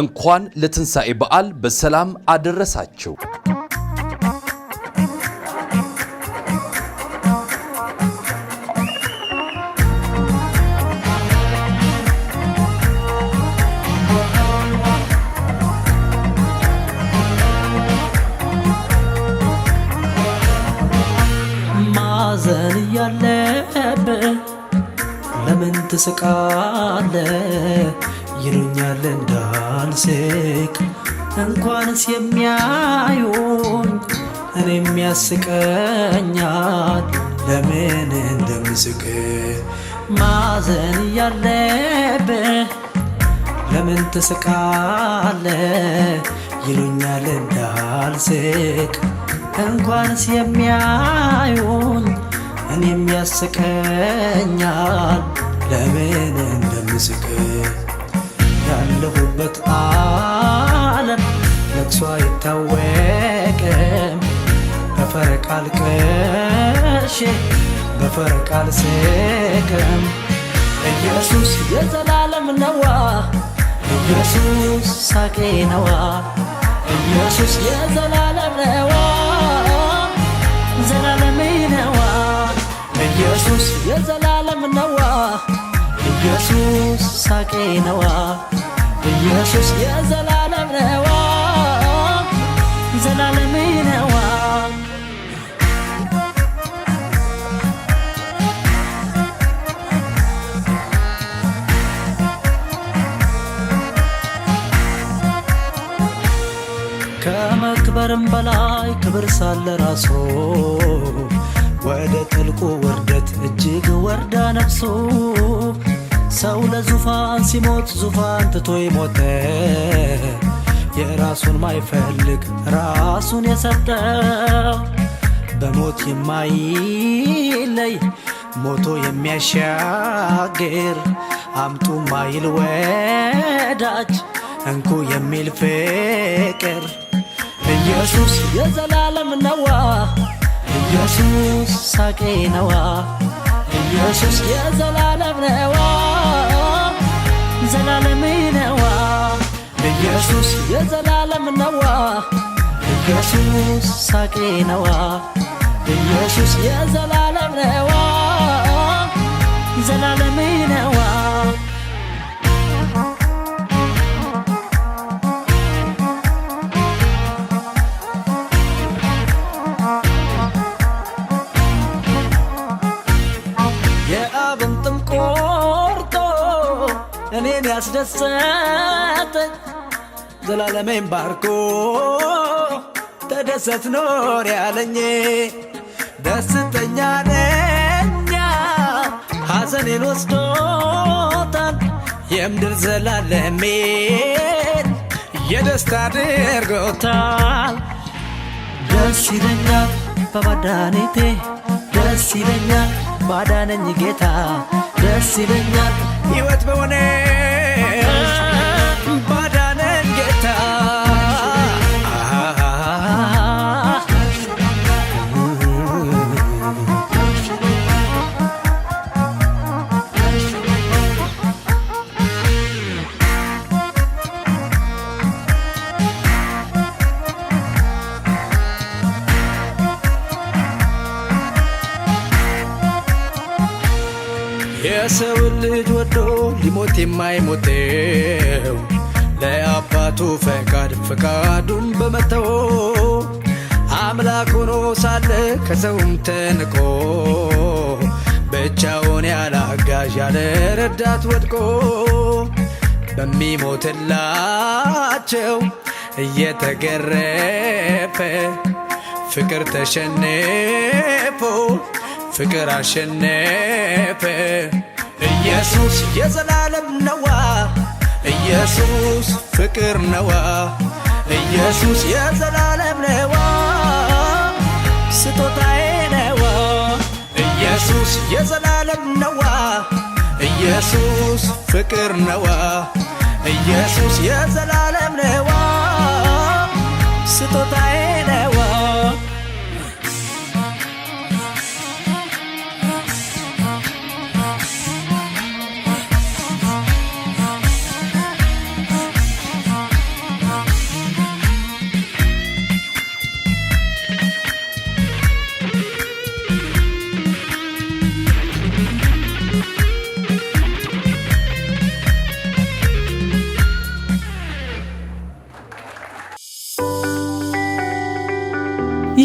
እንኳን ለትንሣኤ በዓል በሰላም አደረሳቸው። ማዘን እያለብህ ለምን ትስቃለህ? ይሉኛል እንዳልስቅ እንኳንስ የሚያዩኝ እኔም ያስቀኛል ለምን እንደምስቅ ማዘን እያለብህ ለምን ይሉኛል እንዳልስቅ እንኳንስ የሚያዩኝ እኔ ያስቀኛል ለምን እንደምስቅ ጥቅሱ አይታወቅም በፈረቃል ቀሼ በፈረቃል ስቅም ኢየሱስ የዘላለም ነዋ ኢየሱስ ሳቄ ነዋ ኢየሱስ የዘላለም ነዋ ዘላለሜ ነዋ ኢየሱስ የዘላለም ነዋ ኢየሱስ ሳቄ ነዋ ኢየሱስ የዘላለም ነዋ ከዘርም በላይ ክብር ሳለ ራሱ ወደ ጥልቁ ውርደት እጅግ ወርዳ ነፍሶ ። ሰው ለዙፋን ሲሞት ዙፋን ትቶ ይሞተ የራሱን ማይፈልግ ራሱን የሰጠ በሞት የማይለይ ሞቶ የሚያሻግር አምጡ ማይል ወዳጅ እንኩ የሚል ፍቅር ኢየሱስ የዘላለም ነዋ፣ ኢየሱስ ሳቄ ነዋ፣ ኢየሱስ የዘላለም ነዋ፣ ዘላለም ነዋ፣ ኢየሱስ የዘላለም ነዋ፣ ኢየሱስ ሳቄ ነዋ፣ ኢየሱስ የዘላለም ነዋ፣ ዘላለም ነዋ አስደሰተ ዘላለሜን ባርኮ ተደሰት ኖር ያለኝ ደስተኛ ነኛ ሐዘኔን ወስዶታል የምድር ዘላለሜን የደስታ አድርጎታል። ደስ ይለኛል በማዳኔቴ ደስ ይለኛል ማዳነኝ ጌታ ደስ ይለኛል ህይወት በሆነ ባዳነን ጌታ የሰውን ልጅ ሊሞት የማይሞተው ለአባቱ ፈቃድ ፈቃዱን በመተው አምላክ ሆኖ ሳለ ከሰውም ተንቆ ብቻውን ያለ አጋዥ ያለ ረዳት ወድቆ በሚሞትላቸው እየተገረፈ ፍቅር ተሸንፎ ፍቅር አሸነፈ ኢየሱስ የዘላለም ነዋ ኢየሱስ ፍቅር ነዋ ኢየሱስ የዘላለም ነዋ ስጦታዬ ነዋ ኢየሱስ የዘላለም ነዋ ኢየሱስ ፍቅር ነዋ ኢየሱስ የዘላለም ነዋ ስጦታዬ